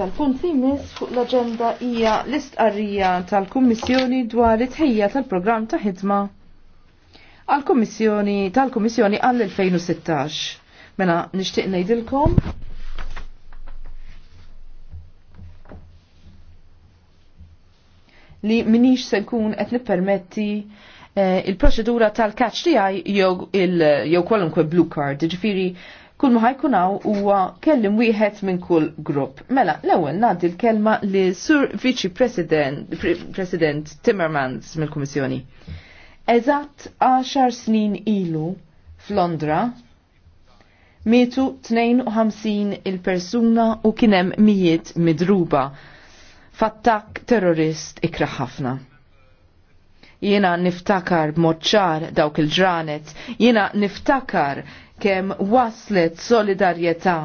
Tal-punt li jmiss fuq l-agenda hija l-istqarrija tal-Kummissjoni dwar it-ħejja tal-programm ta' ħidma għall-Kummissjoni tal-Kummissjoni għall-2016. Mela nixtieq ngħidilkom li minix se nkun qed nippermetti eh, il-proċedura tal-catch tiegħi jew il jew kwalunkwe blue card. jiġifieri kull ma ħajkun hawn huwa kellim wieħed minn kull grupp. Mela, l-ewwel ngħaddi l-kelma li Sur Vici President, President Timmermans mill-Kummissjoni. Eżatt 10 snin ilu f'Londra mietu 52 il-persuna u kienem mijiet midruba fattak terrorist ikraħafna. ħafna. Jiena niftakar moċċar dawk il-ġranet, jiena niftakar kemm waslet solidarjetà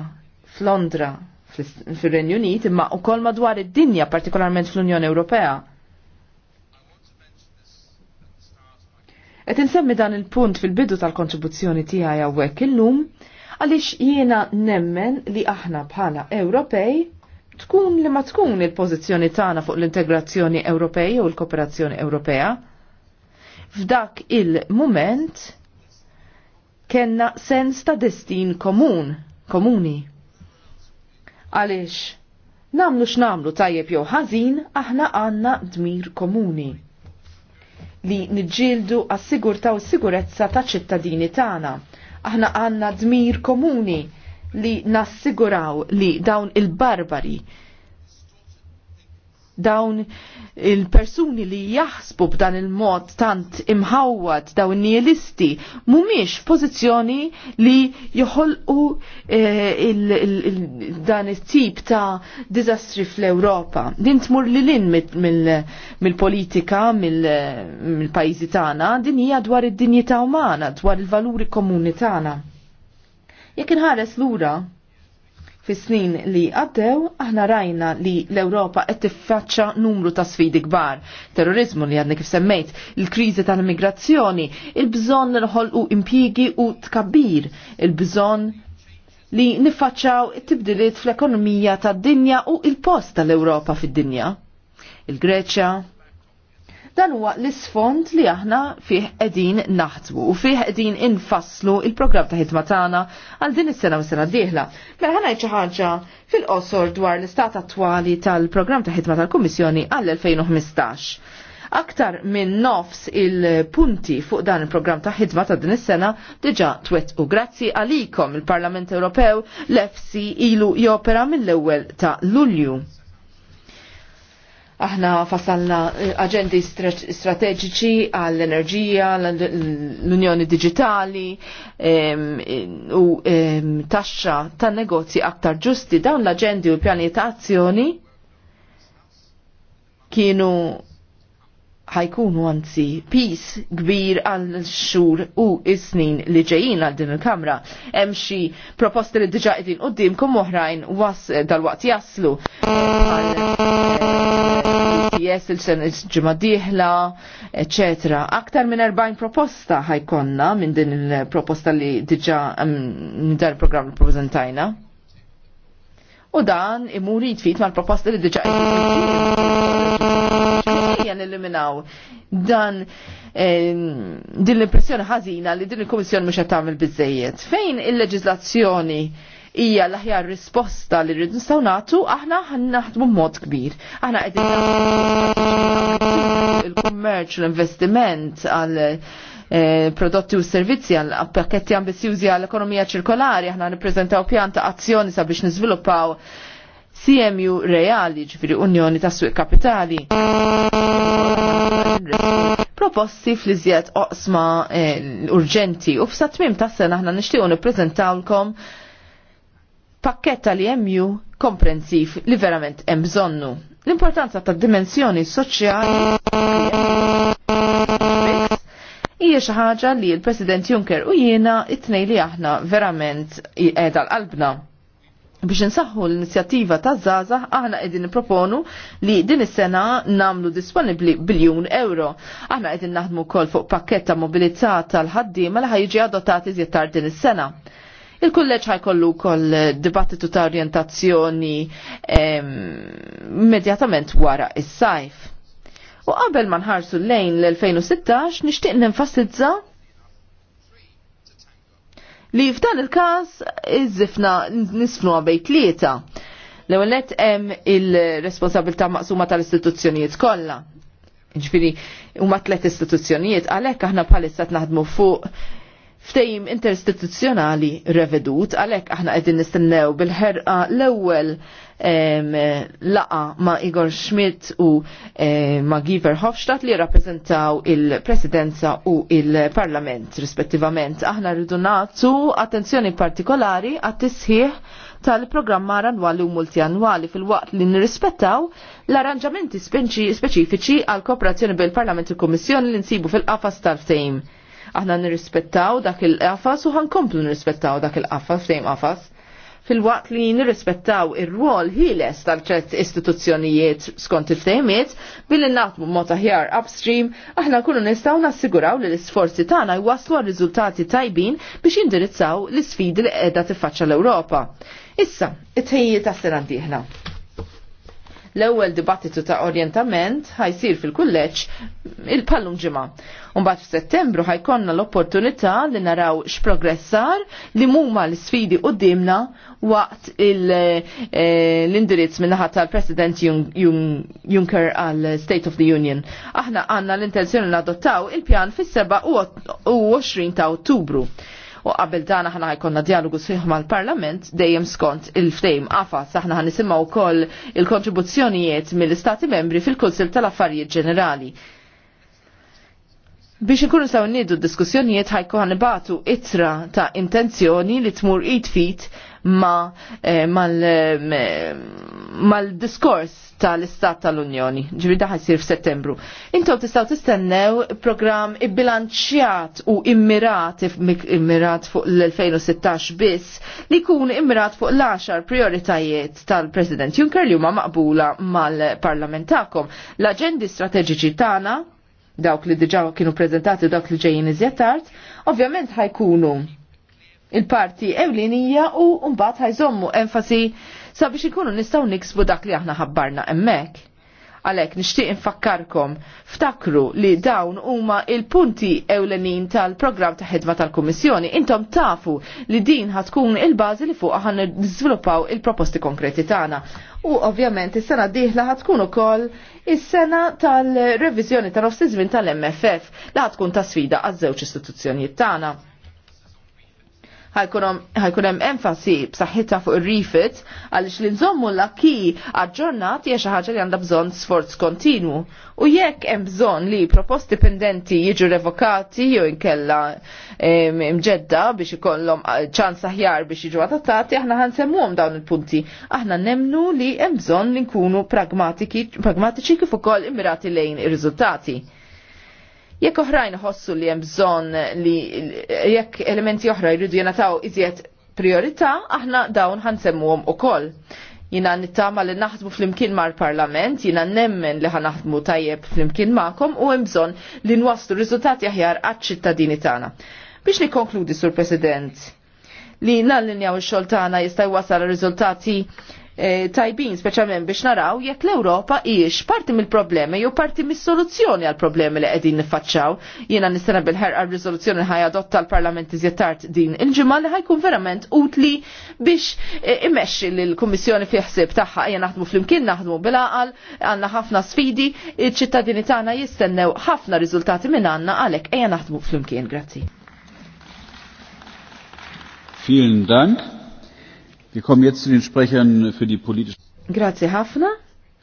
f'Londra fil-Renju Unit imma wkoll madwar id-dinja partikolarment fl-Unjoni Ewropea. Et insemmi dan il-punt fil-bidu tal-kontribuzzjoni tiegħi il illum għaliex jiena nemmen li aħna bħala Ewropej tkun li ma tkun il-pożizzjoni tagħna fuq l-integrazzjoni Ewropej u l-kooperazzjoni Ewropea f'dak il-moment kenna sens ta' destin komun, komuni. Għalix, namlu x'namlu tajjeb jew ħażin, aħna għanna dmir komuni li nġildu għas-sigurta u s-sigurezza ta' ċittadini tagħna. Aħna għanna dmir komuni li nassiguraw li dawn il-barbari dawn il-persuni li jaħsbu b'dan il-mod tant imħawwad dawn nihilisti mhumiex pożizzjoni li joħolqu eh, dan it-tip ta' diżastri fl-Ewropa. Din tmur li lin mill-politika, mill-pajjiżi tagħna, din hija dwar id-dinjità umana, dwar il-valuri komuni tagħna. Jekk inħares lura, Fis-snin li għaddew, aħna rajna li l-Ewropa qed tiffaċċa numru ta' sfidi kbar. Terrorizmu li għadni kif semmejt, il-kriżi tal-immigrazzjoni, il-bżonn nħolqu impjiegi u tkabbir, il-bżonn li niffaċċaw it-tibdiliet fl-ekonomija tad-dinja u il-post tal-Ewropa fid-dinja. Il-Greċja, Dan huwa l-isfond li aħna fih qegħdin naħdmu u fih qegħdin infasslu il-programm ta' ħidma tagħna għal din is-sena u sena d-dieħla. Mela ħana xi ħaġa fil-qosor dwar l-istat attwali tal-programm ta' ħidma tal-Kummissjoni għall-2015. Aktar minn nofs il-punti fuq dan il-programm ta' ħidma ta' din is-sena diġà twett u grazzi għalikom il-Parlament Ewropew l-FC ilu jopera mill-ewwel ta' Lulju. Aħna fasalna eh, aġendi strateġiċi għall-enerġija, l-Unjoni Digitali u taxxa tan negozji aktar ġusti. Dawn l-aġendi u pjani ta' azzjoni kienu ħajkunu għanzi pis kbir għal xur u is-snin li ġejjin għal din il-kamra. Hemm xi proposti li diġa qegħdin qudiemkom oħrajn was dal-waqt jaslu l-ITS il-sen ġimma diħla, ecc. Aktar minn 40 proposta ħajkonna minn din il-proposta li diġa minn dan il-programm li prezentajna. U dan imur jitfit mal-proposta li diġa jan eliminaw dan din l-impressjoni ħażina li din il-Komissjoni mhux qed tagħmel biżejjed. Fejn il-leġiżlazzjoni il leġiżlazzjoni hija l-aħjar risposta li rridu nistgħu nagħtu, aħna ħannaħdmu mod kbir. Aħna qegħdin il-kummerċ, l-investiment għal eh, prodotti u servizzi għal pakketti ambizjużi għal ekonomija ċirkolari, aħna nippreżentaw pjan ta' azzjoni sabiex niżviluppaw CMU reali, ġifiri Unjoni ta' Suq Kapitali. Proposti fl-iżjed oqsma eh, urġenti u f'satmim ta' sena aħna nixtiequ nippreżentawlkom pakket li jemju komprensiv li verament hemm bżonnu. L-importanza ta' dimensjoni soċjali hija xi ħaġa li l-President Juncker u jiena it-tnej li aħna verament qiegħda l-qalbna. Biex insaħħu l-inizjattiva ta' Zaza, aħna qegħdin nipproponu li din is-sena namlu disponibbli biljun euro. Aħna qegħdin naħdmu wkoll fuq pakketta mobilizzata tal-ħaddiema li ħajġi adottati żjed tard din is-sena. Il-kulleġ ħajkollu kol dibattitu ta' orientazzjoni immedjatament wara il sajf U qabel ma nħarsu lejn l-2016 nixtieq nenfasizza li f'dan il-każ iż-żifna nisfnu bej tlieta. L-ewwel nett hemm il-responsabilità maqsuma tal-istituzzjonijiet kollha ġifiri, huma tlet istituzzjonijiet, għalhekk aħna bħalissa naħdmu fuq ftejim interstituzzjonali revedut, għalek aħna għedin nistennew bil-ħerqa l-ewel laqa ma Igor Schmidt u ma Giver Hofstadt li rappresentaw il-presidenza u il-parlament rispettivament. Aħna rridu nagħtu attenzjoni partikolari għat-tisħiħ tal-programma ranwali u multianwali fil-waqt li nirrispettaw l-arranġamenti speċifiċi għal kooperazzjoni bil-Parlament u Kommissjoni li nsibu fil-qafas tal-ftejm. Aħna nirrispettaw dak il-qafas u ħankomplu nirrispettaw dak il-qafas, flejm qafas. Fil-waqt li nirrispettaw ir-rwol ħieles tal-ċert istituzzjonijiet skont il-ftejmiet, billi naħdmu mota aħjar upstream, aħna kullu nistgħu nassiguraw li l-isforzi tagħna jwaslu għal riżultati tajbin biex jindirizzaw l-isfidi li qiegħda tiffaċċa l-Ewropa. Issa, it-tejjiet tas-sena L-ewwel dibattitu ta' orientament ħajsir fil-kulleġġ il-pallum ġimgħa. Mbagħad f'Settembru ħajkonna l-opportunità li naraw x'progressar li huma l-sfidi qudiemna waqt eh, l-indirizz minnaħa tal-President Juncker għal State of the Union. Aħna għandna l-intenzjoni nadottaw il-pjan fis-7 u 20 ta' Ottubru u qabel dan aħna ħajkonna dialogu sħiħ mal-Parlament dejjem skont il-ftejm saħna aħna nisimgħu wkoll il-kontribuzzjonijiet mill-Istati membri fil-Kunsil tal-Affarijiet Ġenerali. Biex nkunu saw nidu diskussjonijiet ħajku ħanibatu itra ta' intenzjoni li tmur id fit ma eh, mal-diskors eh, tal-Istat tal-Unjoni, ġivi daħ jisir f'Settembru. Intom tistaw tistennew program bilanċjat u immirat, immirat fuq l-2016 biss, li kun immirat fuq l-10 prioritajiet tal-President Juncker li huma maqbula mal-parlamentakom. L-aġendi strateġiċi tagħna dawk li diġaw kienu prezentati u dawk li ġejjin iżjed tard, ovvjament ħajkunu il-parti ewlenija u mbagħad ħajżommu enfasi sabiex ikunu nistgħu niksbu dak li aħna ħabbarna hemmhekk. Għalhekk nixtieq infakkarkom ftakru li dawn huma il-punti ewlenin tal-programm ta' ħidma tal-Kummissjoni. Intom tafu li din ħatkun il-bażi li fuq aħna niżviluppaw il-proposti konkreti tagħna. U ovvjament is-sena d-dieħla ħatkun ukoll is-sena tal-reviżjoni tal-offsiżmin tal-MFF li ħatkun ta' sfida għaż-żewġ istituzzjonijiet tagħna ħajkunem hemm enfasi b'saħħitha fuq ir-rifit għaliex li nżommu l-akki aġġornat hija xi ħaġa li għandha bżonn sforz kontinwu. U jekk hemm bżonn li proposti pendenti jiġu revokati jew inkella mġedda biex ikollhom eh, ċans aħjar biex jiġu adattati, aħna ħansemmuhom dawn il-punti. Aħna nemnu li hemm bżonn li nkunu pragmatiċi kif ukoll immirati lejn ir-riżultati. Jekk oħrajn ħossu li hemm bżonn li jekk elementi oħra jridu jenataw iżjed priorità, aħna dawn ħansemmuhom ukoll. Jina nittama li naħdmu flimkien mar parlament, jina nemmen li ħanaħdmu tajjeb flimkien imkien ma'kom u hemm bżonn li nwaslu riżultati aħjar għaċ-ċittadini tagħna. Biex nikkonkludi, Sur President, li nallinjaw ix-xogħol tagħna jista' jwasal riżultati Eh, tajbin speċjalment biex naraw jekk l-Ewropa hijiex parti mill-problemi jew parti mis-soluzzjoni għal problemi li qegħdin niffaċċaw. Jiena nistenna bil-ħerqa r-riżoluzzjoni li ħajadotta l-Parlament iżjed tard din il-ġimgħa li ħajkun verament utli biex eh, imexxi lill-Kummissjoni fi ħsieb tagħha hija naħdmu flimkien naħdmu bil-aqal, għandna ħafna sfidi, iċ-ċittadini tagħna jistennew ħafna riżultati minn għandna għalhekk ejja naħdmu flimkien. Grazzi. Vielen Dank. Wir kommen jetzt zu den Sprechern für die politische. Grazie ħafna.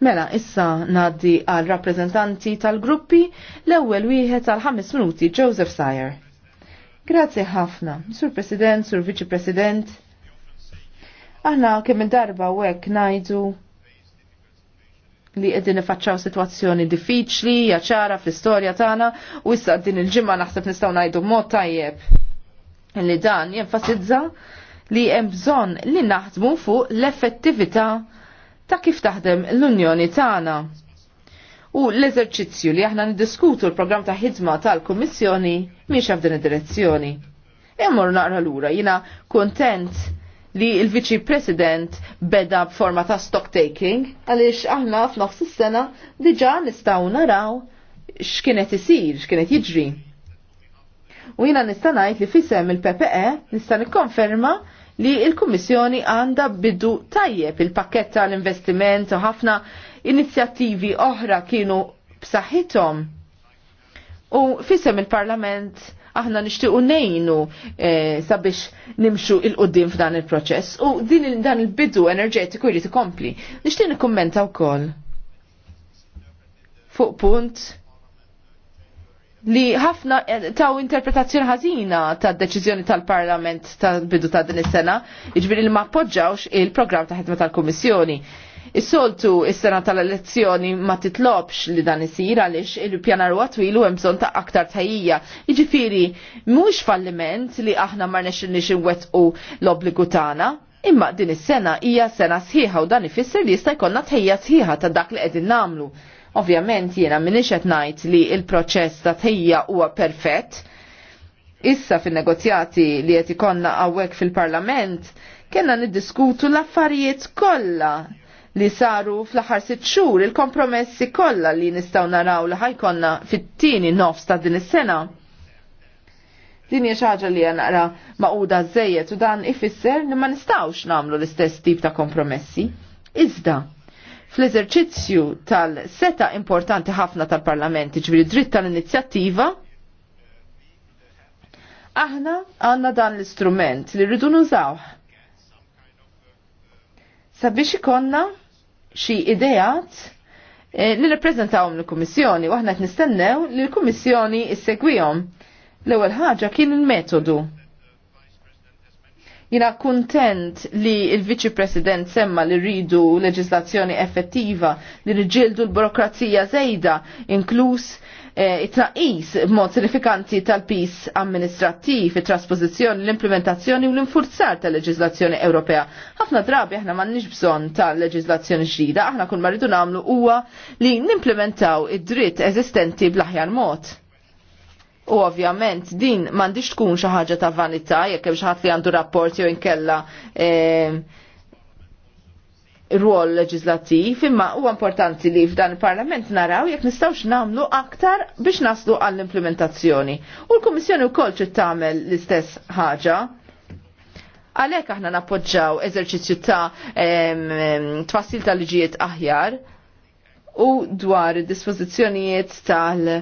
Mela, issa naddi għal rappresentanti tal-gruppi l-ewwel wieħed għal ħames minuti Joseph Sayer. Grazie ħafna, Sur President, Sur Viċi President. Aħna kemm darba u hekk ngħidu li qegħdin nifaċċaw sitwazzjoni diffiċli, jaċara fl-istorja tagħna u issa din il-ġimgħa naħseb nistgħu ngħidu mod tajjeb li dan jenfasizza li hemm bżonn li naħdmu fuq l-effettività ta' kif taħdem l-Unjoni tagħna. U l-eżerċizzju li aħna niddiskutu l-programm ta' ħidma tal-Kummissjoni mhix f'din id-direzzjoni. Immur naqra lura jina kontent li l viċi President beda b'forma ta' stock taking għaliex aħna f'nofs is-sena diġà nistgħu naraw x'kienet isir, x'kienet jiġri. U jina nista' ngħid li fisem il-PPE nista' nikkonferma li il-Kummissjoni għanda bidu tajjeb il-pakket tal-investiment u ħafna inizjattivi oħra kienu b'saħħithom. U fisem il-Parlament aħna nixtiequ nejnu e, eh, sabiex nimxu il-qoddim f'dan il-proċess u din il dan il-bidu enerġetiku jrid ikompli. Nixtieq nikkummenta wkoll fuq punt li ħafna eh, taw interpretazzjoni ħażina tad deċiżjoni tal-Parlament tal-bidu ta' din is-sena, jiġri li ma appoġġawx il-programm ta' ħidma tal-Kummissjoni. Is-soltu is-sena tal-elezzjoni ma titlobx li dan isir għaliex il-pjanar huwa twil u hemm bżonn ta' aktar tajija. Jiġifieri mhux falliment li aħna ma rnexxilniex inwettqu l-obbligu tagħna, imma din is-sena hija sena sħiħa u dan ifisser li jista' jkollna tħejja sħiħa ta' dak li qegħdin nagħmlu. Ovvjament jiena minix qed ngħid li il-proċess ta' tħejja huwa perfett. Issa fin-negozjati li qed ikonna hawnhekk fil-Parlament kellna niddiskutu l-affarijiet kollha li saru fl-aħħar sitt xhur il-kompromessi kollha li nistgħu naraw li ħajkonna fit-tieni nofs ta' din is-sena. Din hija xi ħaġa li naqra maquda żejjed u dan ifisser li ma nistgħux nagħmlu l-istess tip ta' kompromessi. Iżda, fl-eżerċizzju tal-seta importanti ħafna tal parlamenti ġviri dritt tal-inizjattiva, aħna għanna dan l-istrument li rridu nużaw. Sabiex ikonna xi idejat eh, li nippreżentawhom l-Kummissjoni u aħna qed nistennew li l-Kummissjoni issegwihom. L-ewwel ħaġa kien il-metodu Jina kuntent li il-Viċi President semma li rridu leġislazzjoni effettiva li rġildu l-burokrazija zejda, inkluż eh, it-naqis mod sinifikanti tal-pis amministrattiv, it-trasposizjoni, l-implementazzjoni u l-infurzar tal-leġislazzjoni Ewropea. Ħafna drabi aħna m'għandniex bżonn tal-leġislazzjoni ġdida, aħna kull ma rridu nagħmlu huwa li nimplementaw id-dritt eżistenti bl-aħjar mod. U ovvjament din m'għandix tkun xi ħaġa ta' vanità jekk hemm xi ħadd li għandu rapport jew inkella ehm, rwol leġislattiv, imma huwa importanti li f'dan il-Parlament naraw jekk nistgħux nagħmlu aktar biex naslu għall-implementazzjoni. U l-Kummissjoni wkoll trid tagħmel l-istess ħaġa għalek aħna nappoġġaw eżerċizzju ta' ehm, ehm, tfassil ta' liġijiet aħjar u dwar dispożizzjonijiet tal-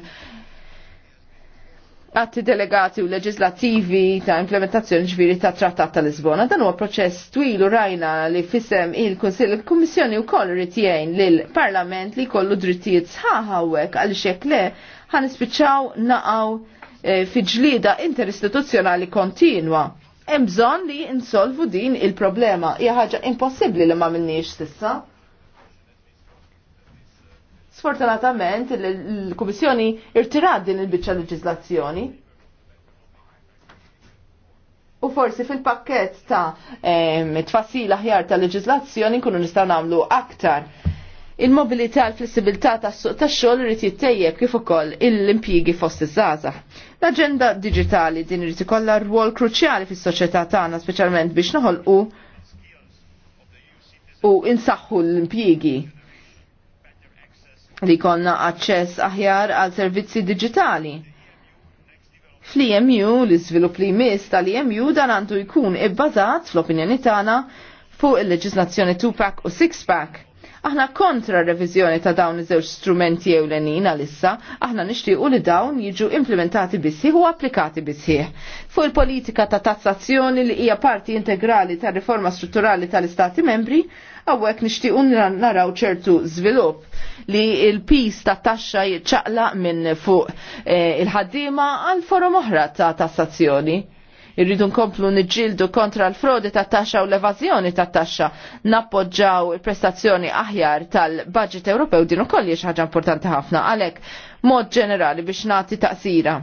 atti delegati u leġislativi ta' implementazzjoni ġviri ta' trattat ta' Lisbona. Dan huwa proċess twil u rajna li fissem il-Kunsill il-Kummissjoni wkoll ritjejn l Parlament li kollu drittijiet u għek għal xekk le ħanispiċċaw naqgħu e, fi ġlieda interistituzzjonali kontinwa. Hemm bżonn li insolvu din il-problema. Hija ħaġa impossibbli li ma minnix sissa. Sfortunatament, il-Komissjoni irtirad din il-bicċa leġislazzjoni. U forsi fil-pakket ta' tfassila aħjar ta' leġislazzjoni nkunu nistgħu nagħmlu aktar. Il-mobilità l flessibilità ta' suq xogħol irid jittejjeb kif ukoll l-impjiegi fost iż-żgħażagħ. L-aġenda diġitali din irid ikollha rwol kruċjali fis-soċjetà tagħna speċjalment biex noħolqu u insaħħu l-impjiegi li konna aċċess aħjar għal servizzi digitali. Fl-EMU, l-izvilup li jmiss tal-EMU dan għandu jkun ibbażat, fl-opinjoni tagħna, fuq il-leġislazzjoni 2-pack u 6-pack. Aħna kontra revizjoni ta' dawn iż-żewġ strumenti ewlenin għalissa, aħna nixtiequ li dawn jiġu implementati bisħieħ u applikati bisħieħ. Fuq il-politika ta' tassazzjoni li hija parti integrali ta' riforma strutturali tal-Istati membri, Għawek nishtiqu naraw ċertu zvilup li il-pis ta' taxxa jitċaqla minn fuq eh, il-ħaddima għal forum oħra ta' tassazzjoni. Irridu nkomplu niġġieldu kontra l-frodi ta' taxxa u l-evażjoni ta' taxxa nappoġġaw il-prestazzjoni aħjar tal-budget Ewropew din ukoll hija ħaġa importanti ħafna għalhekk mod ġenerali biex nagħti taqsira.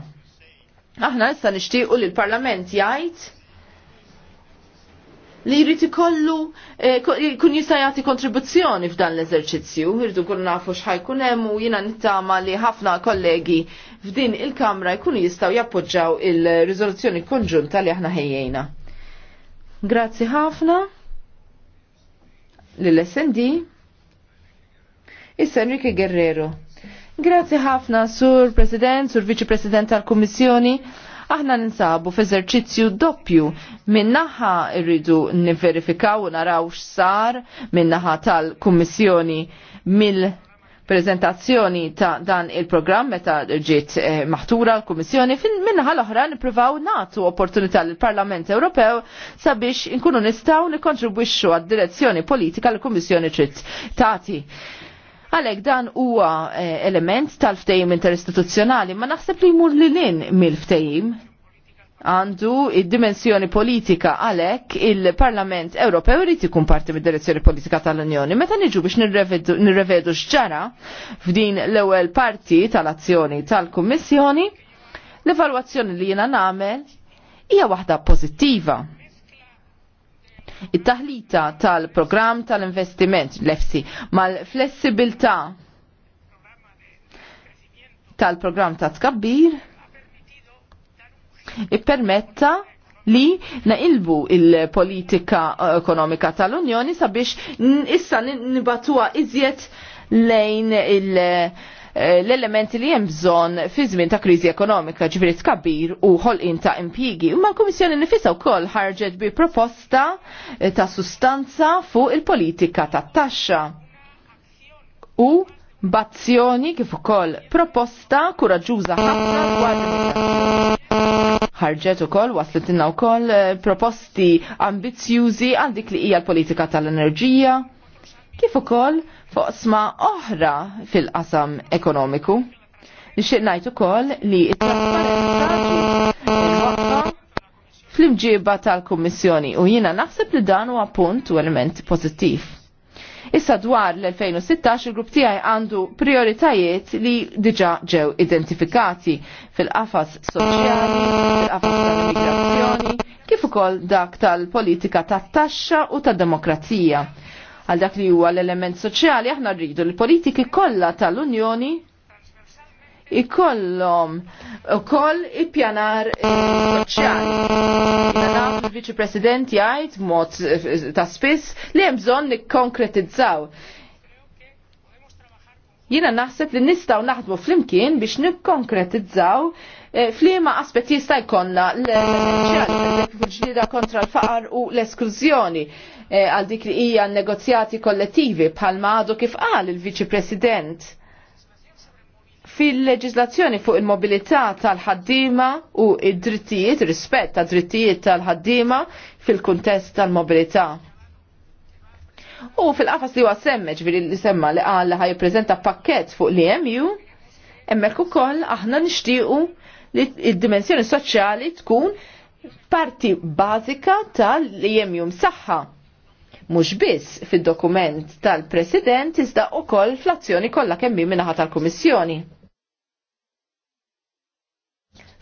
Aħna issa nixtiequ li l-Parlament jgħid li jrid ikollu eh, kun jista' jagħti kontribuzzjoni f'dan l-eżerċizzju, irdu kun nafu x'ħajkun hemm u jiena nittama li ħafna kollegi f'din il-Kamra jkunu jistgħu jappoġġaw il-riżoluzzjoni konġunta li aħna ħejjejna. Grazzi ħafna lill-SND Issa Enrique Guerrero. Grazzi ħafna sur President, sur Viċi President tal-Kummissjoni aħna ninsabu f'eżerċizzju doppju. Minnaħa rridu niverifikaw u naraw x'sar minnaħa tal-Kummissjoni mill prezentazzjoni ta' dan il-programm meta ġiet eh, maħtura l-Kummissjoni fin minnaħa l-oħra nippruvaw nagħtu opportunità lill parlament Ewropew sabiex inkunu nistgħu nikkontribwixxu għad-direzzjoni politika l-Kummissjoni trid tagħti. Għalek dan huwa eh, element tal-ftejim interistituzzjonali, ma naħseb li jmur li lin mill-ftejim għandu id-dimensjoni politika għalek il-Parlament Ewropew irid ikun parti mid-direzzjoni politika tal-Unjoni. Meta niġu biex nirrevedu x'ġara f'din l-ewwel parti tal-azzjoni tal-Kummissjoni, l-evalwazzjoni li jiena nagħmel hija waħda pożittiva it-taħlita tal-programm tal-investiment l-EFSI mal-flessibilità tal-programm ta' tkabbir ippermetta li nailbu il-politika ekonomika tal-Unjoni sabiex issa nibatuwa iżjed lejn il- Eh, l-elementi li hemm bżonn fi żmien ta' kriżi ekonomika ġifri tkabbir u ħolqien ta' impjigi. Imma l-Kummissjoni nifisha wkoll ħarġet bi proposta eh, ta' sustanza fuq il-politika tat-taxxa. U bazzjoni kif ukoll proposta kuraġuża ħafna dwar ħarġet ukoll waslet inna wkoll eh, proposti ambizzjużi għal dik li hija l-politika tal-enerġija kif ukoll foqsma oħra fil-qasam ekonomiku. Nixtieq ngħid ukoll li t-trasparenza il-waqfa fl-imġiba tal-Kummissjoni u jiena naħseb li dan huwa punt u element pożittiv. Issa dwar l-2016 il-grupp tiegħi għandu prioritajiet li diġa ġew identifikati fil-qafas soċjali, fil-qafas tal-immigrazzjoni, kif ukoll dak tal-politika tat-taxxa u tad-demokrazija għal dak li huwa l-element soċjali aħna rridu l-politiki kollha tal-Unjoni ikollhom ukoll ippjanar soċjali. il-Viċi President jgħid mod ta' spiss li hemm bżonn nikkonkretizzaw Jiena naħseb li nistgħu naħdmu flimkien biex nikkonkretizzaw eh, flima aspet jista' jkollna l-ġlida kontra l-faqar u l-esklużjoni eh, għal dik li hija negozjati kollettivi bħalma għadu kif qal il-Viċi President fil-leġizlazzjoni fuq il-mobilità tal-ħaddima u id-drittijiet, rispett ta' drittijiet tal-ħaddima fil-kuntest tal-mobilità U fil-qafas li għasemmeġ semmeġ li semma li għalla ħaj jippreżenta pakkett fuq jemju, emmek hemmhekk ukoll aħna nixtiequ li id-dimensjoni soċjali tkun parti bażika tal jemju msaħħa. Mhux biss fid-dokument tal-President iżda wkoll fl-azzjoni kollha kemm min naħa tal-Kummissjoni.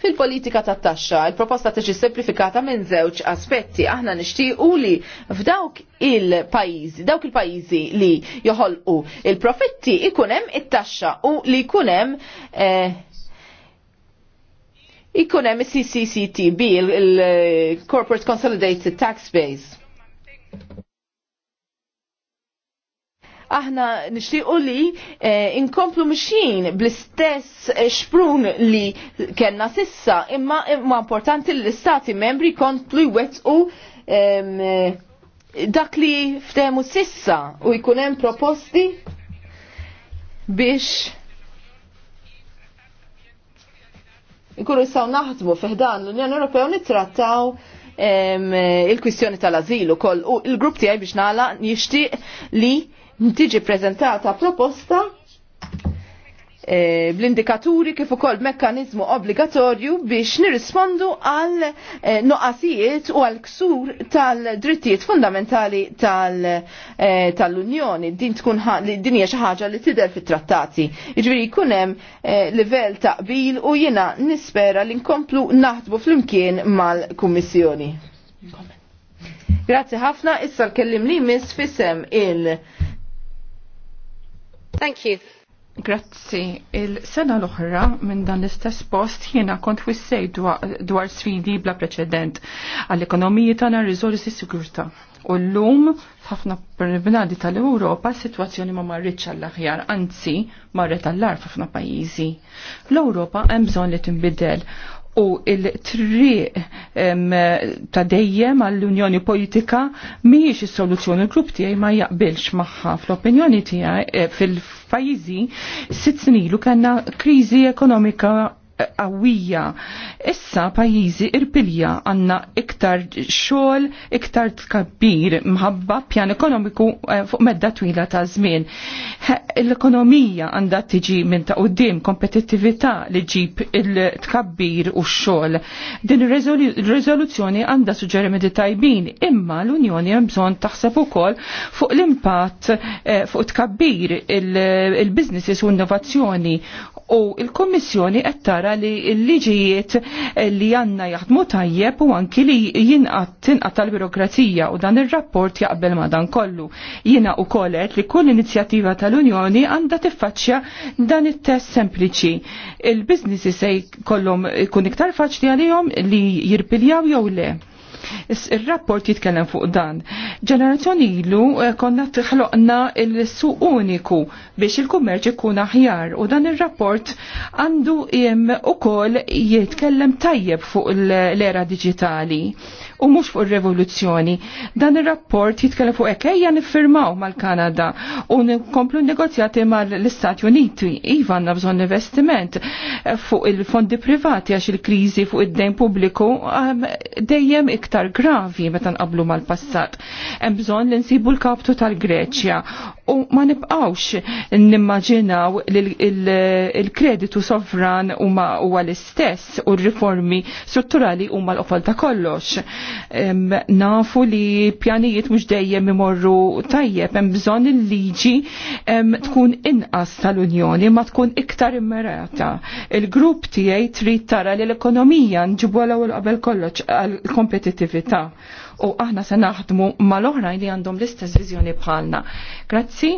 Fil-politika tat taxxa, il-proposta tiġi semplifikata minn żewġ aspetti. Aħna nixtiequ li f'dawk il-pajjiżi, dawk il-pajjiżi li joħolqu il-profitti ikun hemm it-taxxa u li jkun hemm eh, ikun hemm is-CCCTB, il-Corporate Consolidated Tax Base aħna nixtiequ li eh, inkomplu mxin bl-istess eh, xprun li kellna sissa imma imma importanti li l-istati membri kontlu jwettqu eh, dak li ftemu sissa u jkun hemm proposti biex jkunu jistaw naħdmu fiħdan l-Unjoni Ewropea u nittrattaw il-kwistjoni tal-azilu kol u il-grupp tiegħi biex nagħlaq jixtieq li tiġi prezentata proposta E, bl-indikaturi kif ukoll mekkanizmu obbligatorju biex nirrispondu għal e, noqasijiet u għal ksur tal-drittijiet fundamentali eh, tal-Unjoni. E, tal din tkun din hija xi ħaġa li tidher fit-trattati. Jiġifieri jkun hemm livell ta' qbil u jiena nispera li nkomplu naħdbu flimkien mal-Kummissjoni. Grazzi ħafna, issa l-kellim li mis fissem il- Thank you. Grazzi. Il-sena l-oħra minn dan l-istess post jiena kont wissej dwar sfidi bla preċedent għall-ekonomiji tagħna r-riżorsi sigurta. U l-lum f'ħafna bnadi tal-Ewropa s-sitwazzjoni ma marritx għall-aħjar, anzi marret għall arf f'ħafna pajjiżi. L-Ewropa hemm bżonn li tinbidel u il-triq ta' dejjem għall-Unjoni Politika miex is-soluzzjoni l-grupp tiegħi ma jaqbilx magħha fl-opinjoni tiegħi eh, fil-pajjiżi sitt snilu kellna kriżi ekonomika qawwija. Issa pajjiżi irpilja għandna iktar xogħol, iktar tkabbir mħabba pjan ekonomiku eh, fuq medda twila ta' żmien. L-ekonomija għandha tiġi minn ta' uddim kompetittività li ġib il-tkabbir u x-xogħol. Din ir-riżoluzzjoni għandha suġġerimenti tajbin, imma l-Unjoni hemm bżonn taħseb ukoll fuq l-impatt eh, fuq tkabbir il-businesses u innovazzjoni u il-Kommissjoni qed tara nara li l-liġijiet li għanna jaħdmu tajjeb u anki li jinqat tinqat tal-birokrazija u dan ir-rapport jaqbel ma dan kollu. Jiena u kolet li kull inizjattiva tal-Unjoni għandha tiffaċċja dan it-test sempliċi. Il-biznisi se kollhom ikun iktar faċli għalihom li jirpiljaw jew le Il-rapport jitkellem fuq dan. Ġenerazzjoni ilu eh, konna tħloqna il-suq uniku biex il-kummerċ ikun aħjar u dan il-rapport għandu jem u kol jitkellem tajjeb fuq l-era digitali u mhux fuq ir-revoluzzjoni. Dan ir-rapport jitkellem fuq hekk ejja niffirmaw mal-Kanada u nkomplu negozjati mal-Istati Uniti. Iva għandna bżonn investiment fuq il-fondi privati għax il-kriżi fuq id-dejn pubbliku um, dejjem iktar gravi meta nqablu mal-passat. Hemm bżonn li nsibu l-kaptu tal-Greċja u ma nibqawx nimmaġinaw il-kreditu sovran u ma u għal-istess u riformi strutturali u ma l-qofol ta' kollox. Nafu li pjanijiet mux dejjem imorru tajjeb, hemm bżon il-liġi tkun inqas tal-Unjoni ma tkun iktar immerata. Il-grupp tiegħi trid tara li l-ekonomija nġibu l-ewwel qabel kollox għal kompetittività u aħna se naħdmu mal-oħrajn li għandhom l-istess viżjoni bħalna. Grazzi.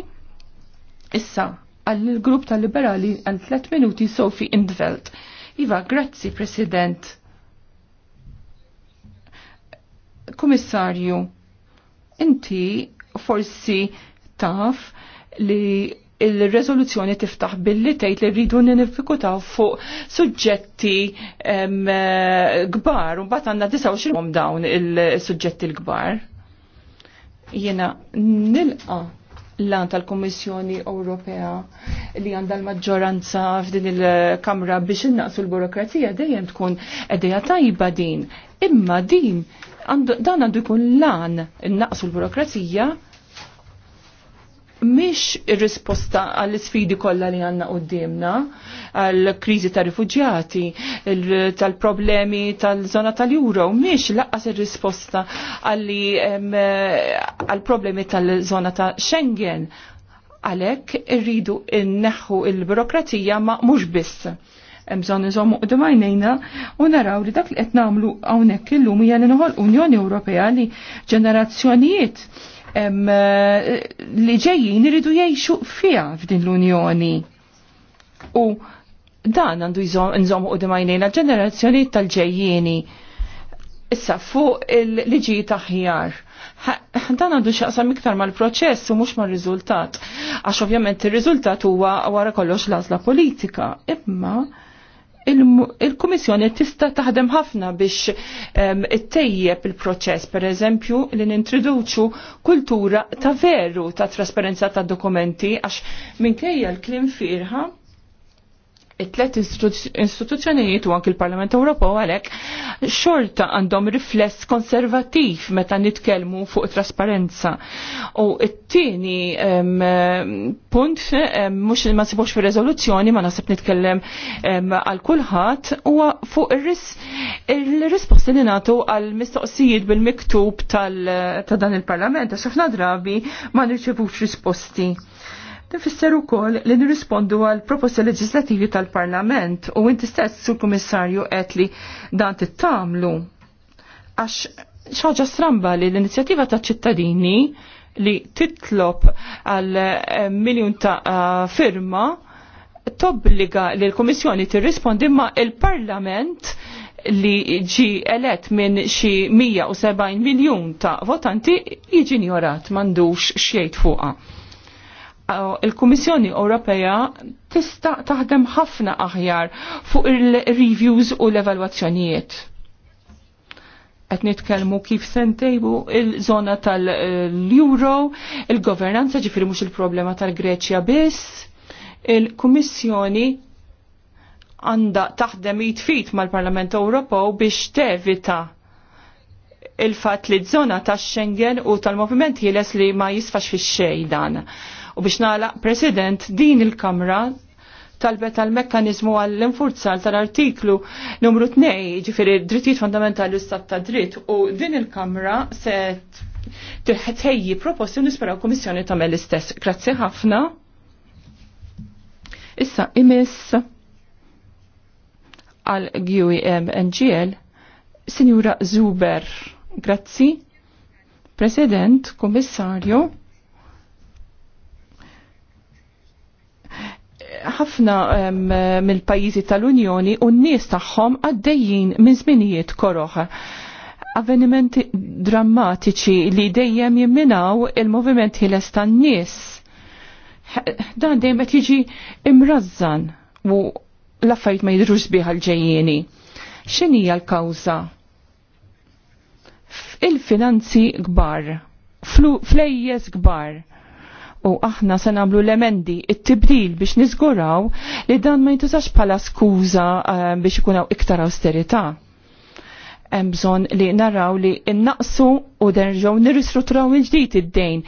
Issa, għall-grupp tal-liberali għal tlet minuti Sofi Indveld. Iva, grazzi, President. Komissarju, inti forsi taf li il-rezoluzzjoni tiftaħ billi tgħid li rridu ninifikutaw fuq suġġetti eh, kbar u mbagħad għandna 29 dawn il-suġġetti l-kbar. Jiena nilqa' l għan tal-Kommissjoni Ewropea li għandha l-maġġoranza f'din il-Kamra biex innaqsu l-burokrazija dejjem tkun qedeja tajba din. Imma din dan għandu jkun l-għan innaqsu l-burokrazija mish ir-risposta għall sfidi kollha li għanna qoddimna, għall kriżi ta' rifugjati, tal-problemi tal-zona tal-Euro, mish laqqas ir-risposta għall problemi tal-zona ta' Schengen. Għalek irridu inneħħu il-birokratija ma' mhux biss. Mżon nżommu u d-majnejna u naraw li dak li qed nagħmlu hawnhekk illum hija li noħol Unjoni Ewropea li ġenerazzjonijiet Eh, li ġejjin iridu jgħixu fiha f'din l-Unjoni. U dan għandu nżommu u dimajnejna ġenerazzjoni tal-ġejjini. Issa fuq il-liġi taħjar. Dan għandu xaqsam iktar mal-proċess u mux mal-rizultat. Għax ovvjament il-rizultat huwa wara kollox lazla politika. Imma il-Kummissjoni tista' taħdem ħafna biex ittejjeb il-proċess, per eżempju, li nintroduċu kultura ta' veru ta' trasparenza ta' dokumenti għax minkejja l-klim firħa it-tlet istituzzjonijiet u anki l-Parlament Ewropew għalhekk xorta għandhom rifless konservattiv meta nitkellmu fuq trasparenza. U t-tieni punt mhux ma sibux fir-reżoluzzjoni ma naħseb nitkellem għal kulħadd huwa fuq ir-risposti li nagħtu għal mistoqsijiet bil-miktub ta' dan il-Parlament għax ħafna drabi ma nirċevux risposti Tifisser ukoll li nirrispondu għal proposti leġislativi tal-Parlament u inti stess sur kummissarju etli li dan tittamlu. Għax xaġa stramba li l-inizjattiva ta' ċittadini li titlob għal eh, miljun ta' eh, firma tobbliga li l-Komissjoni tirrispondi ma il-Parlament li ġi elett minn xi 170 miljun ta' votanti jiġi ignorat mandux xejt fuqa il-Kummissjoni Ewropea tista' taħdem ħafna aħjar fuq il-reviews u l-evalwazzjonijiet. Qed nitkellmu kif ntejbu il-żona tal-Euro, il-governanza ġifieri mhux il-problema tal-Greċja biss, il-Kummissjoni għanda taħdem jitfit mal-Parlament Ewropew biex tevita il-fat li żona tax Schengen u tal-moviment jeles li ma jisfax fix xej dan U biex nagħlaq President din il-Kamra talbet tal-mekkanizmu għall-infurzal tal-artiklu numru 2, ġifiri drittijiet fundamentali l-istat ta' dritt, u din il-Kamra se tħejji proposti u nisperaw Komissjoni tagħmel l-istess. Grazzi ħafna. Issa imiss għal GUEM NGL, Sinjura Zuber. Grazzi. President, Commissario. ħafna mill-pajjiżi tal-Unjoni u n-nies tagħhom għaddejjin minn żminijiet koroħ. Avvenimenti drammatiċi li dejjem jimminaw il-moviment ħiles tan-nies. Dan dejjem qed jiġi imrażżan u l-affarijiet ma jidrux biħal ġejjieni. X'inhija l-kawża? Il-finanzi kbar, flejjes kbar u aħna se nagħmlu l-emendi it-tibdil biex niżguraw li dan ma jintużax bħala skuża eh, biex ikun hawn iktar austerità. Hemm bżonn li naraw li innaqsu u derġgħu nirristrutturaw il-ġdid id-dejn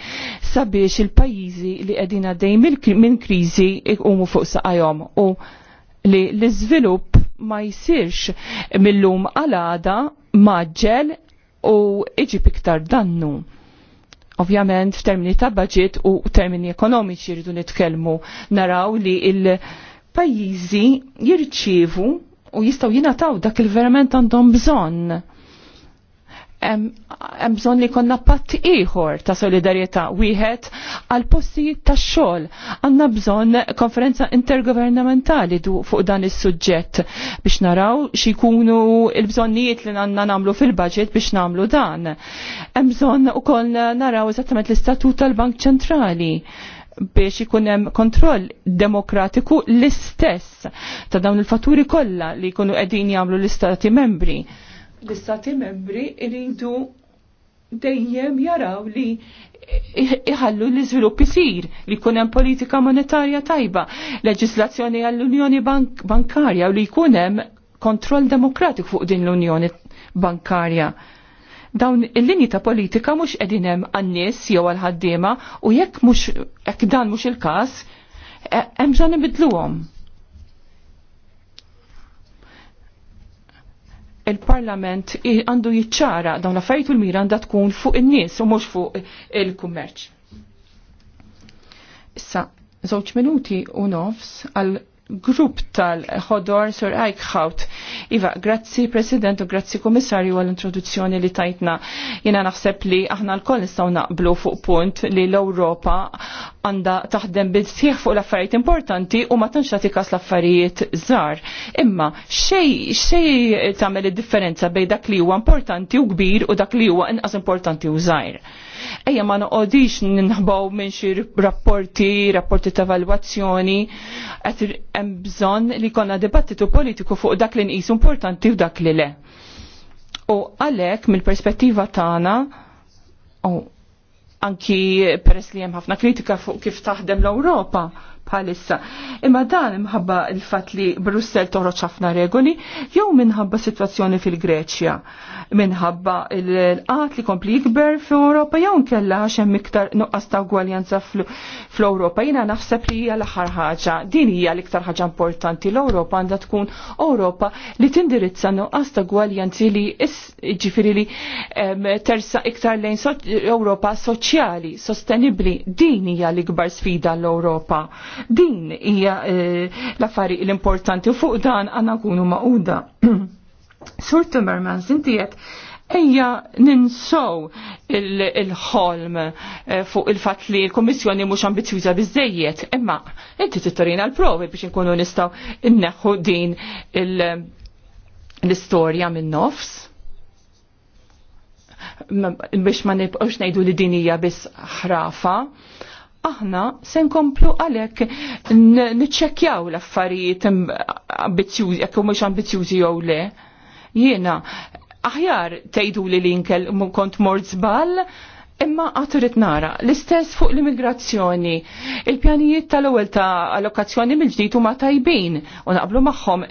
sabiex il-pajjiżi li qegħdin għaddej minn kriżi jqumu fuq saqajhom u li l-iżvilupp ma jsirx mill-lum għal għada maġġel u iġib iktar dannu Ovvjament f'termini ta' budget u termini ekonomiċi rridu nitkellmu naraw li il-pajjiżi jirċievu u jistgħu jingħataw dak il-verament għandhom bżonn hemm bżonn li konna patt ieħor ta' solidarjetà wieħed għal postijiet tax-xogħol. Għandna bżonn konferenza intergovernamentali fuq dan is-suġġett biex naraw x'ikunu l-bżonnijiet li għandna nagħmlu fil budget biex nagħmlu dan. Hemm bżonn ukoll naraw eżattament l-istatut tal-Bank Ċentrali biex ikun hemm kontroll demokratiku l-istess ta' dawn il-fatturi kollha li jkunu qegħdin jagħmlu l-istati membri l-istati membri iridu dejjem jaraw li iħallu li żvilupp isir li jkun hemm politika monetarja tajba, leġislazzjoni għall-Unjoni bank Bankarja u li jkun hemm kontroll demokratiku fuq din l-Unjoni Bankarja. Dawn il-linji ta' politika mhux qegħdin hemm għan-nies jew għall-ħaddiema u jekk mhux dan mhux il-każ e- hemm bżonn ibidluhom. il-Parlament għandu jiċċara dawn affarijiet u l-mira għandha tkun fuq in-nies u mhux fuq il-kummerċ. Issa, żewġ minuti u nofs għal grupp tal-ħodor Sir Eichhout. Iva, grazzi President u grazzi Komissarju għall-introduzzjoni li tajtna. Jena naħseb li aħna l-koll nistaw naqblu fuq punt li l-Europa għanda taħdem bil-sħiħ fuq l-affarijiet importanti u ma tantx tagħti kas l-affarijiet żgħar. Imma xej xej tagħmel id-differenza bejn dak li huwa importanti u kbir u dak li huwa inqas importanti u żgħar. Ejja ma noqodix ninħbaw minn xi rapporti, rapporti ta' evalwazzjoni, qed hemm bżonn li jkollna dibattitu politiku fuq dak li nqisu importanti u dak li le. U għalhekk mill-perspettiva tagħna oh, anki peress li hemm ħafna kritika fuq kif taħdem l-Ewropa bħalissa. Imma dan imħabba il-fat li Brussel toħroġ ħafna regoli, jew minħabba situazzjoni fil-Greċja, minħabba l-qat li kompli jikber fl-Europa, jew nkella hemm iktar nuqqas ta' gwaljanza fl-Europa. Jiena naħseb li hija l-aħħar ħaġa, din hija l-iktar ħaġa importanti l-Europa għandha tkun Europa li tindirizza nuqqas ta' gwaljanzi li ġifiri li tersa iktar lejn Europa soċjali, sostenibli, din hija l-ikbar sfida l-Europa. Din hija eh, l-affari l-importanti u fuq dan għanna kunu maquda. Sur Timmermans, inti Ejja ninsow il-ħolm eh, fuq il-fat li l komissjoni mhux ambizjuża biżejjed, imma inti tittorin l-provi biex inkunu nistgħu inneħħu din l-istorja minn nofs. Biex ma nibqgħux ngħidu li din hija biss ħrafa aħna se nkomplu għalhekk niċċekkjaw l-affarijiet ambizjużi jekk mhux ambizzjużi jew le. Jiena aħjar tgħidu li linkel kont mort żball Imma għaturit nara, l-istess fuq l-immigrazzjoni, il-pjanijiet tal-ewel ta' allokazzjoni mill-ġdijtu ma' tajbin, u naqblu maħħom,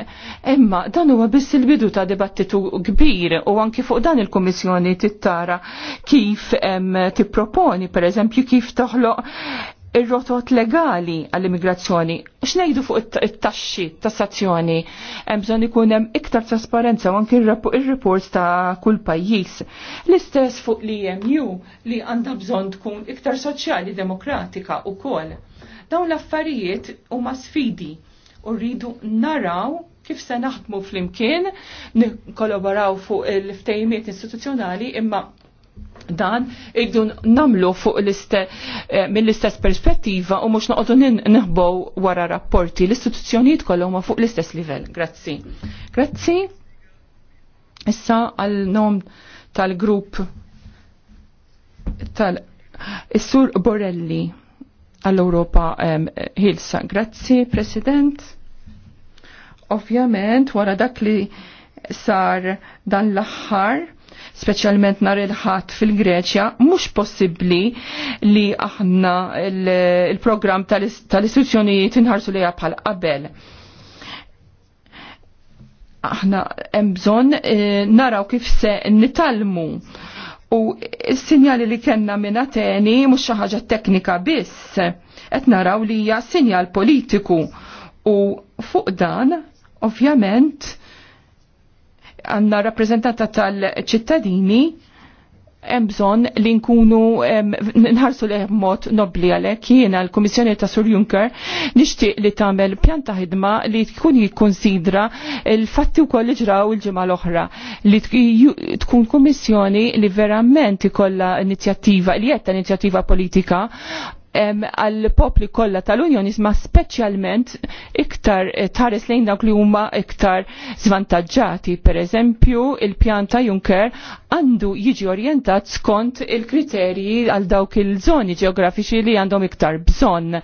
imma dan huwa biss il-bidu ta' dibattitu kbir u anki fuq dan il-Komissjoni tittara kif tipproponi, per eżempju, kif toħloq ir-rotot legali għall-immigrazzjoni, x'ngħidu fuq it-taxxi, tassazzjoni, hemm bżonn ikun hemm iktar trasparenza u anke ir-reports ta' kull pajjiż. L-istess fuq l-EMU li għandha bżonn tkun iktar soċjali demokratika wkoll. Dawn l-affarijiet huma sfidi u rridu naraw kif se naħdmu fl-imkien, fuq il-ftejmiet istituzzjonali imma dan irridu namlu fuq eh, mill-istess perspettiva u mhux noqogħdu nħbow wara rapporti. L-istituzzjonijiet kollha huma fuq l-istess livell. Grazzi. Grazzi. Issa għal nom tal-grupp tal Is-Sur Borelli għall-Europa Hilsa. Grazzi, President. Ovvjament, wara dak li sar dan l-aħħar speċjalment nhar il-ħadd fil-Greċja, mhux possibbli li aħna il-programm tal-istituzzjonijiet inħarsu li bħal qabel aħna hemm bżonn eh, naraw kif se nitalmu. U s-sinjali li kellna minna Teni, mhux xi ħaġa teknika biss, qed naraw li hija sinjal politiku. U fuq dan, ovvjament, għanna rappresentata tal-ċittadini bżon li nkunu nħarsu li mod nobli għalek jiena l-Komissjoni ta' Sur Juncker nixtieq li tagħmel pjan ta' ħidma li tkun jikkonsidra l-fatti wkoll li ġraw il-ġimgħa l-oħra li tkun kummissjoni li verament ikollha inizjattiva li qed inizjattiva politika għal-popli kollha tal-Unjoni ma speċjalment iktar eh, tħares lejn dawk li huma iktar zvantaġġati. Per eżempju, il-pjanta Juncker għandu jiġi orjentat skont il-kriterji għal dawk il-żoni ġeografiċi li għandhom iktar bżonn.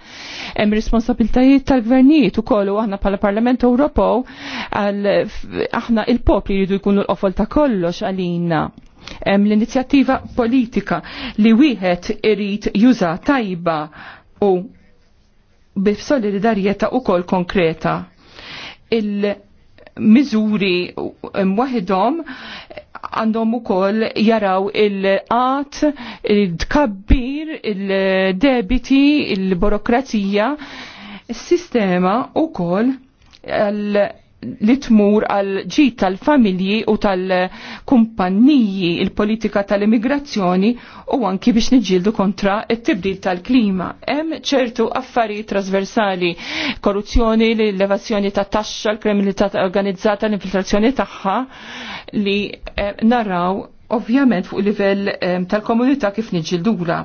Hemm responsabiltajiet tal-gvernijiet ukoll u aħna bħala Parlament Ewropew aħna il-popli jridu jkunu l-qofol ta' kollox għalina hemm l-inizjattiva politika li wieħed irid juża tajba u b'solidarjetà ukoll konkreta. Il-miżuri waħedhom għandhom ukoll jaraw il-qat, il-tkabbir, il-debiti, il-burokrazija, il-sistema ukoll li tmur għal ġi tal-familji u tal-kumpanniji il-politika tal-immigrazzjoni u anki biex niġġieldu kontra il tibdil tal-klima. Hemm ċertu affarijiet trasversali, korruzzjoni, l-elevazzjoni ta' taxxa, l-kriminalità organizzata, l-infiltrazzjoni tagħha li eh, naraw ovvjament fuq livell eh, tal-komunità kif niġġildura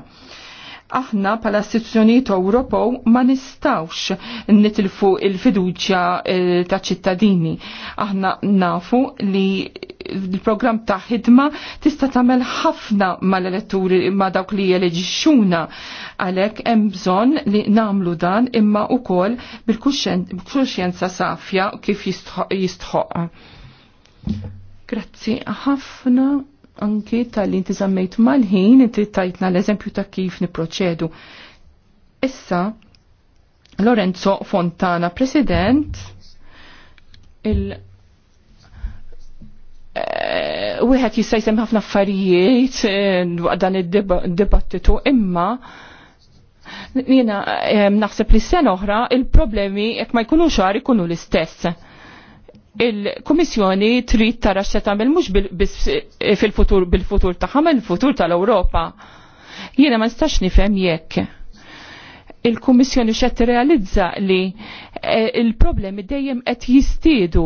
aħna pala istituzzjonijiet Ewropew ma nistawx nitilfu il-fiduċja eh, ta' ċittadini. Aħna nafu li il-programm ta' ħidma tista' tagħmel ħafna mal eletturi ma' dawk li jeleġixxuna għalhekk hemm bżonn li nagħmlu dan imma wkoll bil-kuxjenza safja kif jistħoq. Grazzi ħafna anki tal-li inti zammejt mal-ħin, inti tajtna l-eżempju ta' kif niproċedu. Issa, Lorenzo Fontana, President, il- eh, Wieħed jista' jisem ħafna affarijiet eh, waqt dan id-dibattitu, imma jiena eh, naħseb li s oħra il-problemi jekk ma jkunux xar ikunu l-istess il-Komissjoni trid tara x'se tagħmel mhux fil-futur bil-futur tagħha il-futur tal-Ewropa. Jiena ma nistax nifhem jekk il-Kummissjoni xed realizza li e, il-problemi dejjem qed jistiedu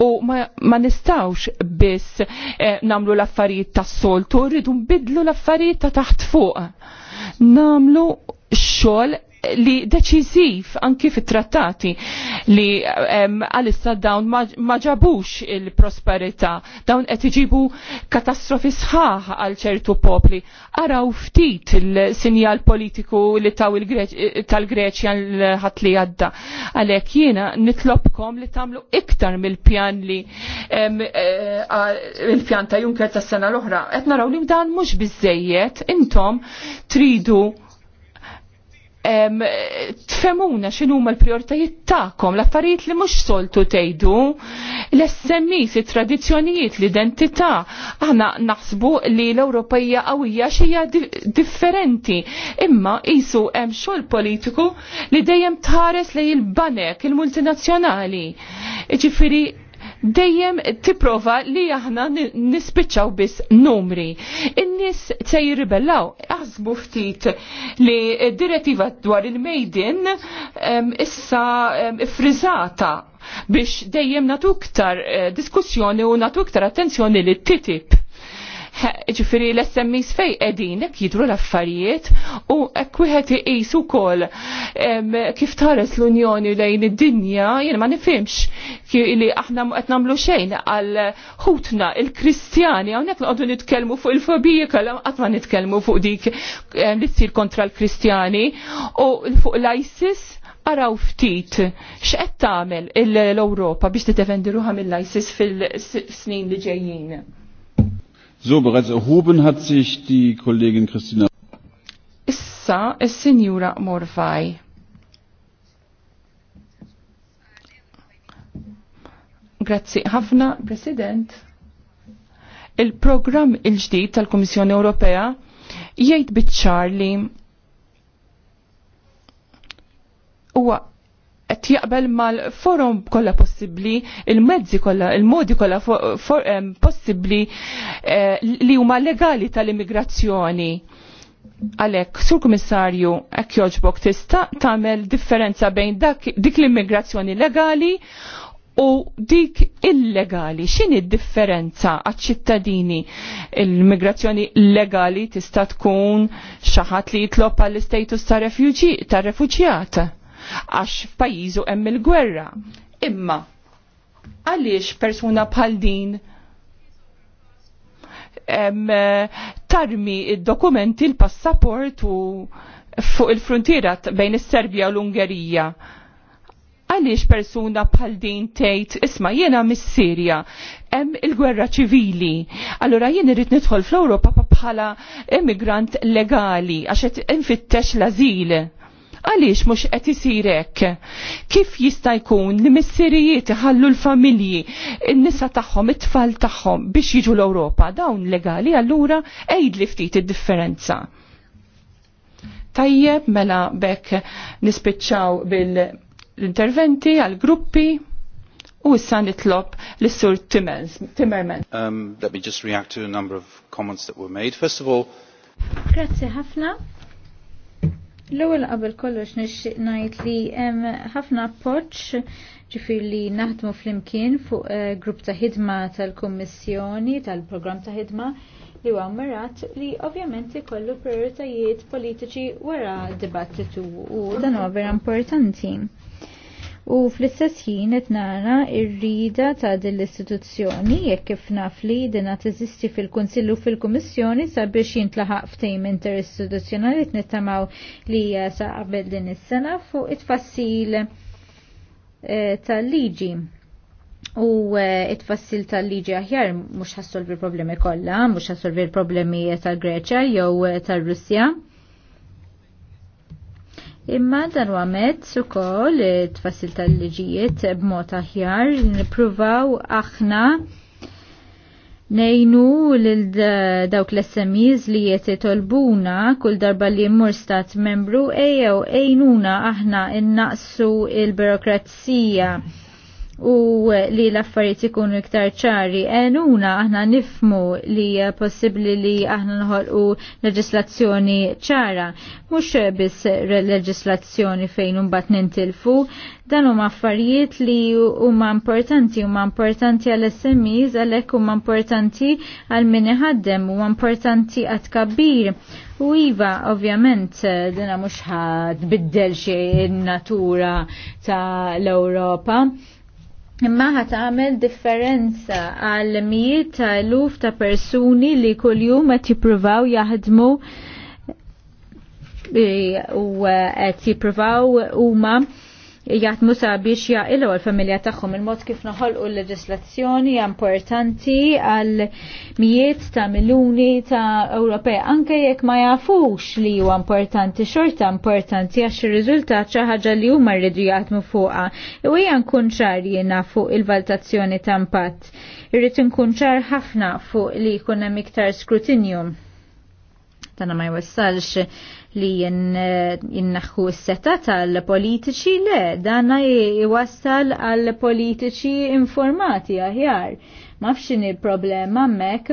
u ma, nistawx biss e, namlu l-affarijiet tas-soltu, rridu nbidlu l-affarijiet ta' taħt fuq. Namlu xogħol li deċiżiv anki fit-trattati li għalissa dawn ma ġabux il-prosperità, dawn qed iġibu katastrofi sħaħ għal ċertu popli. Araw ftit il-sinjal politiku li taw tal-Greċja l-ħat li għadda. Għalhekk jiena nitlobkom li tagħmlu iktar mill-pjan li eh, il-pjan ta' Junker tas-sena l-oħra. Qed naraw li dan mhux bizzejiet, intom tridu tfemuna xinu ma l-prioritajiet ta'kom, l-affarijiet li mux soltu tejdu, l-SMIs, il-tradizjonijiet, l-identità, għana naħsbu li l europajja għawija xija differenti, imma jisu hemm xol politiku li dejjem tħares li il-banek, il-multinazzjonali, ġifiri dejjem tipprova li aħna nispiċċaw biss numri. In-nies se jirribellaw, għazbu ftit li direttiva dwar il-mejdin issa ifriżata biex dejjem natu iktar eh, diskussjoni u natu iktar attenzjoni li TTIP ġifiri l-SMIs fej edin ek jidru l-affarijiet u ek wieħed iqis ukoll kif tares l-Unjoni lejn id-dinja jen ma nifimx li aħna qed nagħmlu xejn għal ħutna il-Kristjani hawnhekk noqogħdu nitkellmu fuq il-fobija kellha qatt ma nitkellmu fuq dik li tsir kontra l-Kristjani u fuq l-ISIS araw ftit x'qed tagħmel l-Ewropa biex tiddefendi ruħha mill-ISIS fil-snin li ġejjin. So, bereits erhoben hat sich die Kollegin Christina. Issa, il Signora Morvaj. Grazie, Hafna, Präsident. Il-programm il-ġdid tal kommissjoni Ewropea jgħid biċċar li huwa qed jaqbel mal-forum kollha possibbli, il-mezzi kollha, il-modi kollha possibbli eh, li huma legali tal-immigrazzjoni. Għalek, sur komissarju, ek joġbok tista tamel differenza bejn dik l-immigrazzjoni legali u dik illegali. Xini differenza għad ċittadini l-immigrazzjoni legali tista tkun xaħat li jitlob għall-istatus ta' refuġijat? għax f'pajjiżu hemm il-gwerra. Imma għaliex persuna bħal din tarmi id-dokumenti l-passaport u fuq il-frontiera bejn is-Serbja u l-Ungerija għaliex persuna bħal din tgħid isma jiena mis-Sirja hemm il-gwerra ċivili. Allura jien irid nidħol fl-Ewropa bħala immigrant legali għax qed infittex l-ażil. Għaliex mhux qed isirek. Kif jista' jkun li missirijiet iħallu l-familji, n nisa tagħhom, it-tfal tagħhom biex jiġu l-Ewropa dawn legali allura għejd li ftit id-differenza. Tajjeb mela bekk nispiċċaw bil-interventi għal-gruppi. U issa nitlob l-Sur Timmerman. Um, let me just react to a number of comments that were made. First of all, Grazie ħafna. L-ewwel qabel kollox nixtieq ngħid li hemm ħafna appoġġ ġifier li naħdmu flimkien fuq eh, grupp ta' ħidma tal-Kummissjoni tal-programm ta' ħidma li huwa mmirat li ovvjament ikollu prioritajiet politiċi wara dibattitu u dan huwa vera importanti u fl-istess ħin qed nara r-rida ta' din l-istituzzjoni jekk kif naf li dinha teżisti fil-Kunsill u fil-Kummissjoni sabiex jintlaħaq ftehim interistituzzjonali tnittamaw li sa' qabel din is-sena fuq it-tfassil eh, tal-liġi. U eh, it tfassil tal-liġi aħjar mhux ħassolvi l-problemi kollha, mhux ħassolvi l-problemi tal-Greċja jew eh, tal-Russja. tal greċja jew tal greċja jew tal russja Imma dan u għamet su kol tfassil tal-liġijiet b'mod aħjar n-pruvaw aħna nejnu lil dawk l-SMEs li jiet tolbuna kull darba li mmur stat membru ejjew ejnuna aħna innaqsu il-birokrazija. il birokrazija u li l-affarijiet ikunu iktar ċari. Enuna aħna nifmu li possibbli li aħna nħolqu leġislazzjoni ċara, mhux biss leġislazzjoni fejn imbagħad nintilfu. Dan huma affarijiet li huma importanti, huma importanti għal SMEs għalhekk huma importanti għal min iħaddem, huma importanti għat kabbir. U iva, ovvjament, dina mhux ħad biddel xi natura ta' l-Ewropa Imma ħat għamel differenza għal mijiet ta' luf ta' persuni li kull-jum għet jipruvaw jaħdmu eh, u għet jipruvaw u ma' jaħdmu sabiex jaqilgħu għal familja tagħhom il-mod kif naħolqu l-leġislazzjoni importanti għal mijiet ta' Miluni ta' Ewropej anke jekk ma jafux li huwa importanti xorta importanti għax ir-riżultat xi ħaġa li huma rridu jaħdmu fuqha. U hija kunċar ċar fuq il valtazzjoni ta' impatt. Irrid inkun ċar ħafna fuq li jkun hemm iktar skrutinju tana ma jwessalx li jinnaħħu s-seta tal-politiċi le, dana jwassal għal-politiċi informati aħjar. Mafxin il-problema mek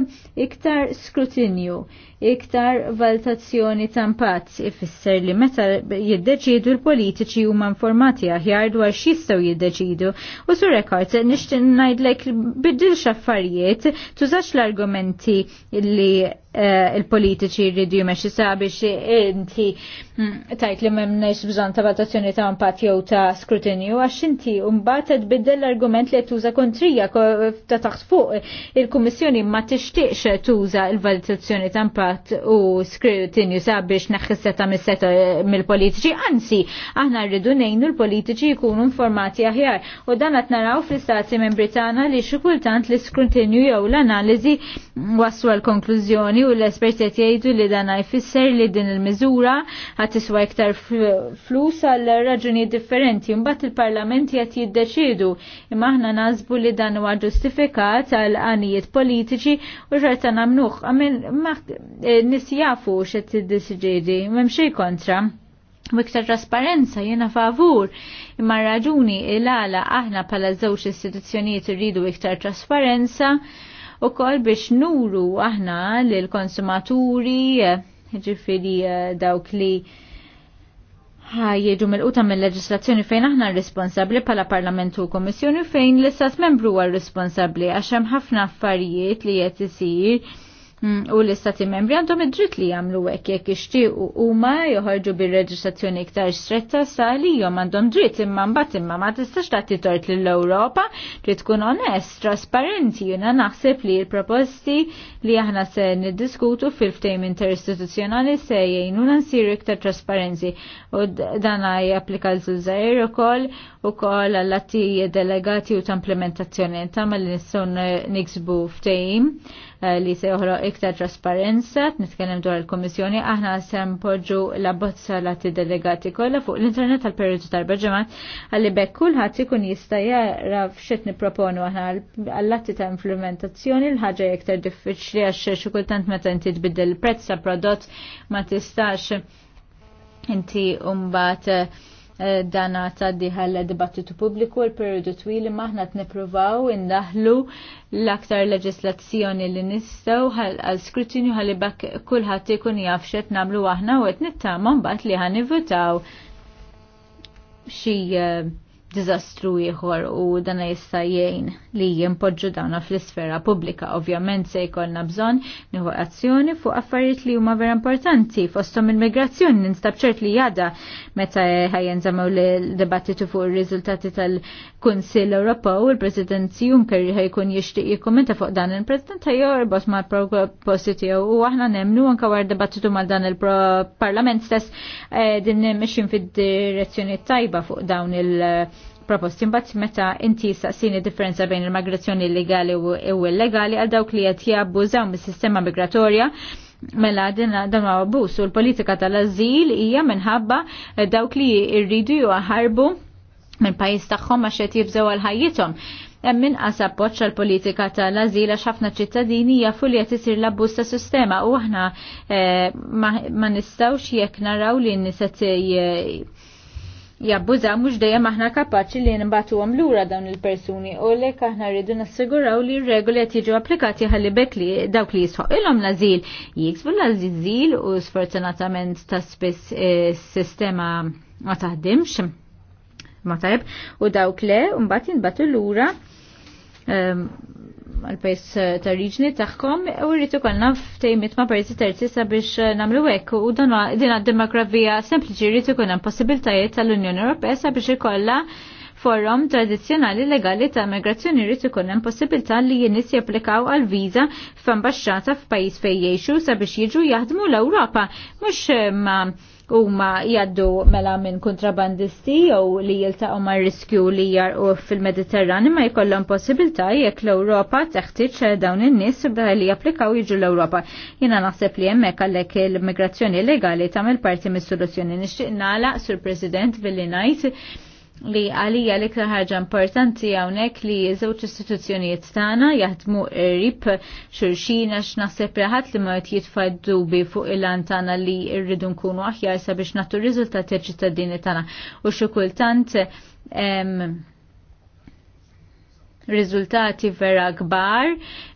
iktar skrutinju iktar valutazzjoni ta' impatt ifisser li meta jiddeċidu l-politiċi huma informati aħjar dwar x'jistgħu jiddeċidu. U su rekord nixtieq ngħidlek biddilx affarijiet, tużax l-argumenti li eh, il-politiċi jridu jmexxi sabiex inti mm, tajt li m'hemmx bżonn ta' valutazzjoni ta' impatt jew ta' skrutinju għax inti mbagħad tbiddel l-argument li tuża kontrija ta' taħt fuq il-Kummissjoni ma tixtieqx tuża l-valutazzjoni ta' impatt mandat u skrutinju sabiex naħħisseta mis-seta mill-politiċi, anzi, aħna rridu nejnu l-politiċi jkunu informati aħjar. U dan qed naraw fl-istati minn Britana li xi kultant li skrutinju jew l-analiżi waslu l-konklużjoni u l-esperti jgħidu li dan jfisser li din il-miżura ħadd iswa iktar flus għal raġuni differenti. Mbagħad il-Parlament qed jiddeċidu imma aħna nażbu li dan huwa ġustifikat għal għanijiet politiċi u xorta nagħmluh. Eh, Nisjafu jafu xed t-disġiri, memxie kontra. Miktar trasparenza jena favur, imma raġuni il-għala aħna pala żewġ istituzzjonijiet irridu iktar trasparenza u kol biex nuru aħna l-konsumaturi, eh, ġifiri eh, dawk li ħajjeġu mill-quta mill-leġislazzjoni fejn aħna responsabli pala parlamentu u komissjoni fejn l-istat membru għal responsabli għaxem ħafna affarijiet li jett isir Hmm, u l-istati membri għandhom id-dritt li jagħmlu hekk jekk ixtiequ huma joħorġu bir-reġistrazzjoni iktar stretta sali jom għandhom dritt imma mbagħad imma ma tistax tagħti tort lill-Ewropa li tkun onest, trasparenti jiena naħseb li l-proposti li aħna se niddiskutu fil-ftehim interistituzzjonali se jgħinuna nsiru iktar trasparenzi u dan japplika l-żużajr ukoll ukoll għall-atti delegati u ta' implementazzjoni ta' ma li nistgħu niksbu ftehim. Eh, li se joħroq iktar trasparenza, nitkellem dwar il komissjoni aħna se npoġġu la bozza lati delegati kollha fuq l-internet tal periodu tal-Baġemat għalli bekk kulħadd ikun jista' jara f'xed nipproponu aħna għall-latti ta' implementazzjoni l-ħaġa iktar diffiċli għax xi kultant meta inti tbiddel il-prezz ta' prodott ma tistax inti umbat uh, eh, Eh, dana taddiħal dibattitu pubbliku l-periodu twil maħna t-niprovaw indaħlu l-aktar leġislazzjoni li nistaw għal skrutinju għalli bak kullħat ikun jafxet namlu aħna u għet nittama bat li għan votaw xie eh, dizastru ieħor u dana jista' jgħin li jimpoġġu dawna fl-isfera pubblika. Ovvjament se jkollna bżonn nieħu azzjoni fuq affarijiet li huma vera importanti fosthom il-migrazzjoni ninstab ċert li jada meta ħajjenżamaw l-debattitu fuq ir-riżultati tal-Kunsill Ewropew il-President Juncker jkun jixtieq jikkumenta fuq dan il-President ħajorbot ma' proposti tiegħu u aħna nemnu anke wara debattitu mal dan il-Parlament stess eh, din mexjin fid-direzzjoni tajba fuq dawn il- proposti imbagħad meta inti saqsini differenza bejn il-migrazzjoni illegali u illegali għal dawk li qed jabbużaw mis-sistema migratorja mela din dan abbuż u l-politika tal-azil hija minħabba dawk li rridu jaħarbu minn pajjiż tagħhom għax qed jibżgħu għal ħajjithom. Hemm inqas appoġġ l politika tal-azil għax ħafna ċittadini jafu li qed isir l-abbuż ta' sistema u aħna eh, ma nistgħux jekk naraw li n Jabbuża mhux dejjem aħna kapaċi li nbatuhom lura dawn il-persuni u lek aħna rridu nassiguraw li r-regoli qed jiġu applikati ħalli bekk li dawk li jisħoq ilhom l-ażil jiksbu l-ażil u sfortunatament ta' spiss eh, sistema ma taħdimx ma tajb u dawk le mbagħad jinbatu lura ehm, għal-pajs eh, ta' riġni taħkom u rritu kolna ftejmit ma' pajzi terzi sabiex eh, namlu ek u dina għad-demografija sempliċi rritu kolna possibiltajiet tal-Unjoni Ewropea sabiex ikolla kolla forum tradizzjonali legali ta' migrazzjoni rrit ikun hemm possibilità li jien japplikaw għal viża f'ambaxxata f'pajjiż fejn jgħixu sabiex jiġu jaħdmu l-Ewropa mhux eh, ma huma jaddu mela minn kontrabandisti jew li jiltaqgħu ma' riskju li jarqu fil-Mediterran imma jkollhom possibilità jekk l-Ewropa teħtieġ eh, dawn in-nies li japplikaw jiġu l-Ewropa. Jiena naħseb li hemmhekk għalhekk il-migrazzjoni legali tagħmel parti mis-soluzzjoni. Nixtieq nagħlaq sur President billi ngħid li għalija l-iktar ħaġa importanti hawnhekk li żewġ istituzzjonijiet tagħna jaħdmu qrib xurxina x'naħseb raħat li ma qed jitfaddu bi fuq il-lan tagħna li rridu nkunu aħjar sabiex nagħtu r-riżultati ċittadini tagħna u xi kultant riżultati vera kbar,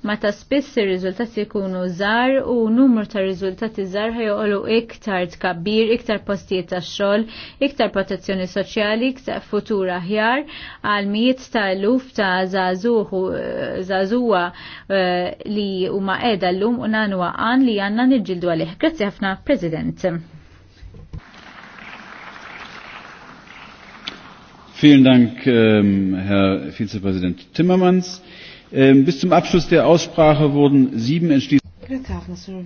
ma ta' spiss ir-riżultati jkunu żgħar u numru ta' riżultati żgħar ħajqolu iktar tkabbir, iktar postijiet ta' xogħol, iktar protezzjoni soċjali, iktar futur aħjar għal mijiet ta' luf ta' zazuwa eh, li huma qiegħda llum u nagħnu għan li għandna niġġieldu għalih. Grazzi ħafna, President. Vielen Dank, ähm, Herr Vizepräsident Timmermans. Ähm, bis zum Abschluss der Aussprache wurden sieben Entschließungen. Grazafna,